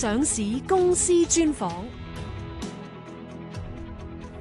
上市公司專訪，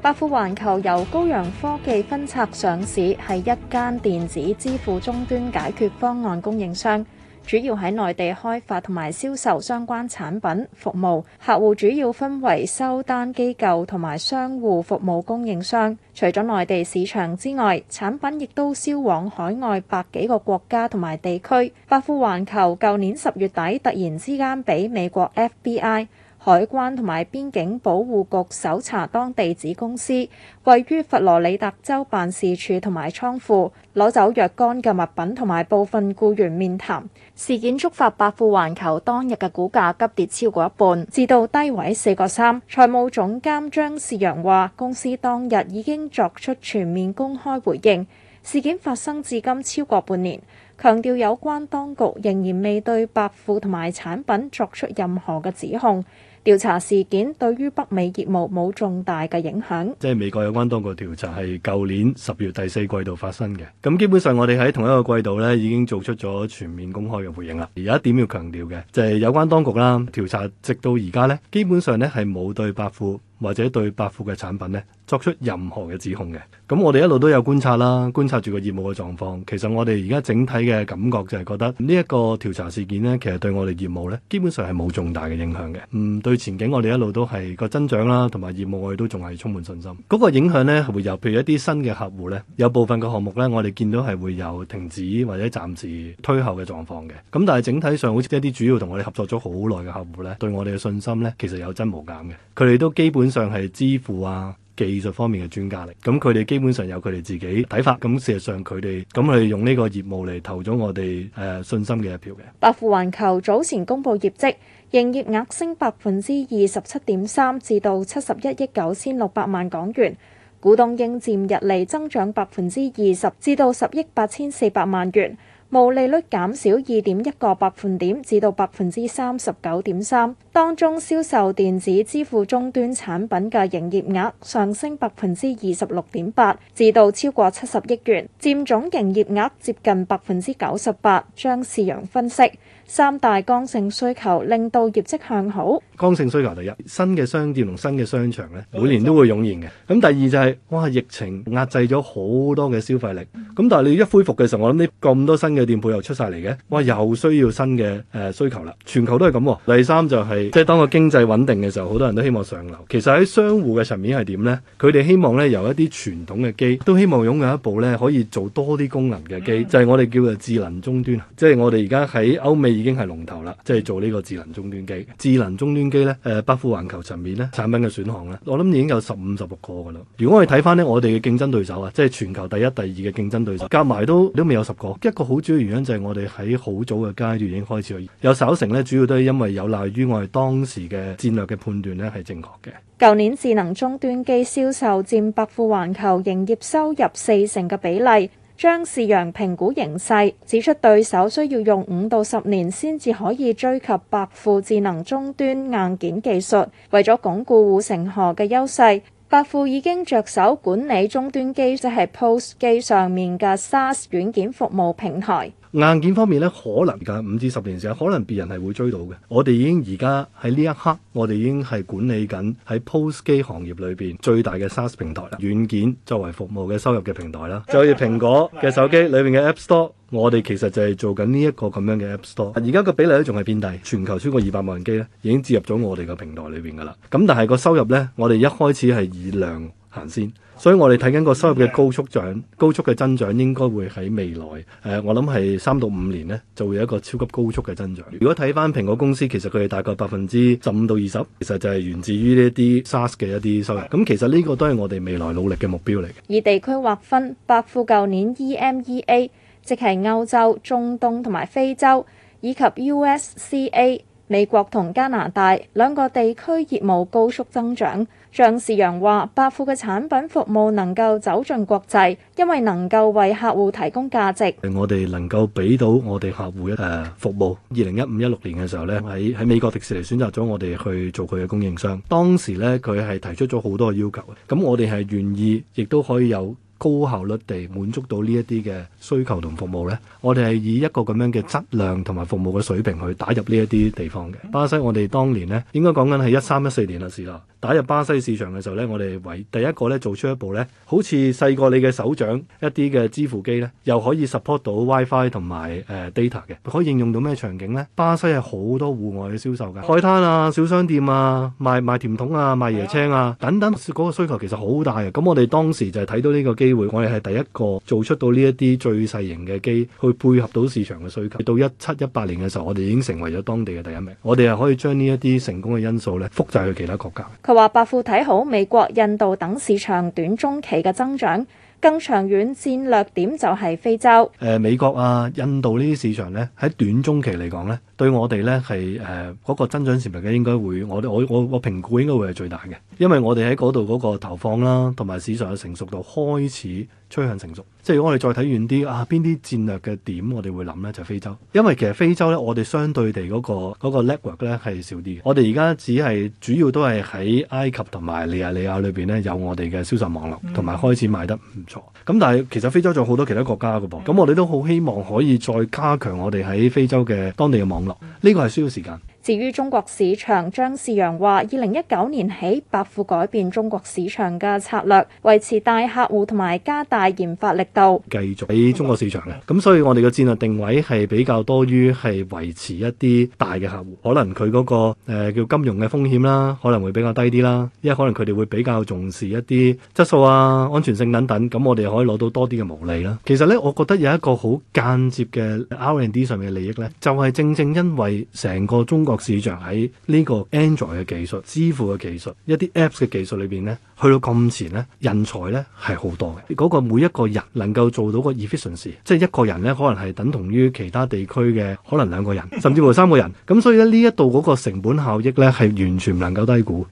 百富環球由高陽科技分拆上市，係一間電子支付終端解決方案供應商。主要喺內地開發同埋銷售相關產品服務，客戶主要分為收單機構同埋商戶服務供應商。除咗內地市場之外，產品亦都銷往海外百幾個國家同埋地區。百富環球舊年十月底突然之間俾美國 FBI，海關同埋邊境保護局搜查當地子公司位於佛羅里達州辦事處同埋倉庫，攞走若干嘅物品同埋部分僱員面談。事件觸發百富環球當日嘅股價急跌超過一半，至到低位四個三。財務總監張仕揚話：公司當日已經作出全面公開回應。事件發生至今超過半年，強調有關當局仍然未對百富同埋產品作出任何嘅指控。調查事件對於北美業務冇重大嘅影響。即係美國有關當局調查係舊年十月第四季度發生嘅。咁基本上我哋喺同一個季度咧，已經做出咗全面公開嘅回應啦。而家一點要強調嘅就係、是、有關當局啦調查直到而家咧，基本上咧，係冇對百富或者對百富嘅產品咧。作出任何嘅指控嘅，咁我哋一路都有觀察啦，觀察住個業務嘅狀況。其實我哋而家整體嘅感覺就係覺得呢一個調查事件呢，其實對我哋業務呢，基本上係冇重大嘅影響嘅。嗯，對前景我哋一路都係個增長啦，同埋業務我哋都仲係充滿信心。嗰個影響呢，係會有譬如一啲新嘅客戶呢，有部分嘅項目呢，我哋見到係會有停止或者暫時推後嘅狀況嘅。咁但係整體上好似一啲主要同我哋合作咗好耐嘅客戶呢，對我哋嘅信心呢，其實有增無減嘅。佢哋都基本上係支付啊。技術方面嘅專家嚟，咁佢哋基本上有佢哋自己睇法，咁事實上佢哋咁係用呢個業務嚟投咗我哋誒、呃、信心嘅一票嘅。百富環球早前公布業績，營業額升百分之二十七點三，至到七十一億九千六百萬港元，股東應佔溢利增長百分之二十，至到十億八千四百萬元。毛利率減少二點一個百分點至到百分之三十九點三，當中銷售電子支付終端產品嘅營業額上升百分之二十六點八至到超過七十億元，佔總營業額接近百分之九十八。張仕揚分析。三大剛性需求令到業績向好。剛性需求第一，新嘅商店同新嘅商場咧，每年都會湧現嘅。咁第二就係、是，哇！疫情壓制咗好多嘅消費力，咁但係你一恢復嘅時候，我諗呢咁多新嘅店鋪又出晒嚟嘅，哇！又需要新嘅誒、呃、需求啦。全球都係咁。第三就係、是，即係當個經濟穩定嘅時候，好多人都希望上樓。其實喺商戶嘅層面係點呢？佢哋希望呢，由一啲傳統嘅機，都希望擁有一部呢可以做多啲功能嘅機，嗯、就係我哋叫做智能終端即係我哋而家喺歐美。已經係龍頭啦，即、就、係、是、做呢個智能終端機。智能終端機呢，誒，百富環球層面呢，產品嘅選項呢，我諗已經有十五十六個噶啦。如果我哋睇翻呢，我哋嘅競爭對手啊，即、就、係、是、全球第一、第二嘅競爭對手，夾埋都都未有十個。一個好主要原因就係我哋喺好早嘅階段已經開始，有稍成呢，主要都係因為有賴於我哋當時嘅戰略嘅判斷呢係正確嘅。舊年智能終端機銷售占百富環球營業收入四成嘅比例。張仕揚評估形勢，指出對手需要用五到十年先至可以追及百富智能終端硬件技術。為咗鞏固護城河嘅優勢，百富已經着手管理終端機，即係 POS 機上面嘅 SaaS 軟件服務平台。硬件方面咧，可能而家五至十年時間，可能別人係會追到嘅。我哋已經而家喺呢一刻，我哋已經係管理緊喺 POS 機行業裏邊最大嘅 SaaS 平台啦，軟件作為服務嘅收入嘅平台啦。就好似蘋果嘅手機裏面嘅 app store，我哋其實就係做緊呢一個咁樣嘅 app store。而家個比例咧仲係偏低，全球超過二百萬人機咧已經接入咗我哋嘅平台裏邊噶啦。咁但係個收入咧，我哋一開始係以量行先，所以我哋睇緊個收入嘅高速增長、高速嘅增長，應該會喺未來誒、呃，我諗係三到五年呢，就會有一個超級高速嘅增長。如果睇翻蘋果公司，其實佢哋大概百分之十五到二十，其實就係源自於呢一啲 SaaS 嘅一啲收入。咁其實呢個都係我哋未來努力嘅目標嚟嘅。以地區劃分，百富舊年 EMEA，即係歐洲、中東同埋非洲，以及 USCA 美國同加拿大兩個地區業務高速增長。張仕揚話：百富嘅產品服務能夠走進國際，因為能夠為客戶提供價值。我哋能夠俾到我哋客戶一誒服務。二零一五一六年嘅時候呢喺喺美國迪士尼選擇咗我哋去做佢嘅供應商。當時呢，佢係提出咗好多嘅要求嘅，咁我哋係願意，亦都可以有。高效率地滿足到呢一啲嘅需求同服務呢，我哋係以一個咁樣嘅質量同埋服務嘅水平去打入呢一啲地方嘅。巴西我哋當年咧，應該講緊係一三一四年嘅事啦，打入巴西市場嘅時候呢，我哋為第一個咧做出一步呢，好似細過你嘅手掌一啲嘅支付機咧，又可以 support 到 WiFi 同埋誒 data 嘅，可以應用到咩場景呢？巴西係好多戶外嘅銷售㗎，海灘啊、小商店啊、賣賣甜筒啊、賣椰青啊等等，嗰個需求其實好大嘅。咁我哋當時就係睇到呢個機。機會，我哋係第一個做出到呢一啲最細型嘅機，去配合到市場嘅需求。到一七一八年嘅時候，我哋已經成為咗當地嘅第一名。我哋係可以將呢一啲成功嘅因素咧，複製去其他國家。佢話百富睇好美國、印度等市場短中期嘅增長，更長遠戰略點就係非洲。誒、呃，美國啊、印度呢啲市場咧，喺短中期嚟講咧，對我哋咧係誒嗰個增長潛力咧，應該會我我我我評估應該會係最大嘅，因為我哋喺嗰度嗰個投放啦，同埋市場嘅成熟度開始趨向成熟。即係如果我哋再睇遠啲啊，邊啲戰略嘅點我哋會諗咧，就係、是、非洲。因為其實非洲咧，我哋相對地嗰、那個嗰、那個、network 咧係少啲。我哋而家只係主要都係喺埃及同埋利亞、利亞裏邊咧有我哋嘅銷售網絡，同埋開始賣得唔錯。咁但係其實非洲仲有好多其他國家㗎噃，咁我哋都好希望可以再加強我哋喺非洲嘅當地嘅網絡。呢個係需要時間。至於中國市場，張仕揚話：二零一九年起，百富改變中國市場嘅策略，維持大客戶同埋加大研發力度，繼續喺中國市場嘅。咁所以，我哋嘅戰略定位係比較多於係維持一啲大嘅客戶，可能佢嗰、那個、呃、叫金融嘅風險啦，可能會比較低啲啦。因為可能佢哋會比較重視一啲質素啊、安全性等等。咁我哋可以攞到多啲嘅毛利啦。其實呢，我覺得有一個好間接嘅 R&D 上面嘅利益呢，就係、是、正，正正因為成個中國。市場喺呢個 Android 嘅技術、支付嘅技術、一啲 Apps 嘅技術裏邊咧，去到咁前咧，人才咧係好多嘅。嗰、那個每一個人能夠做到個 efficiency，即係一個人咧，可能係等同於其他地區嘅可能兩個人，甚至乎三個人。咁所以呢，一度嗰個成本效益咧，係完全唔能夠低估。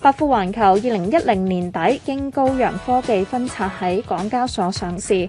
百富環球二零一零年底經高陽科技分拆喺港交所上市。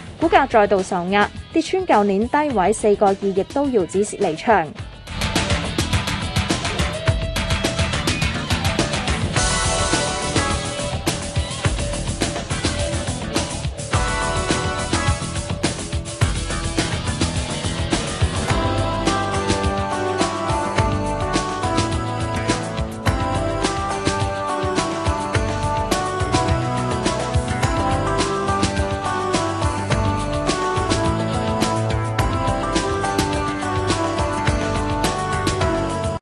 股價再度受壓，跌穿舊年低位四個二，亦都要止蝕離場。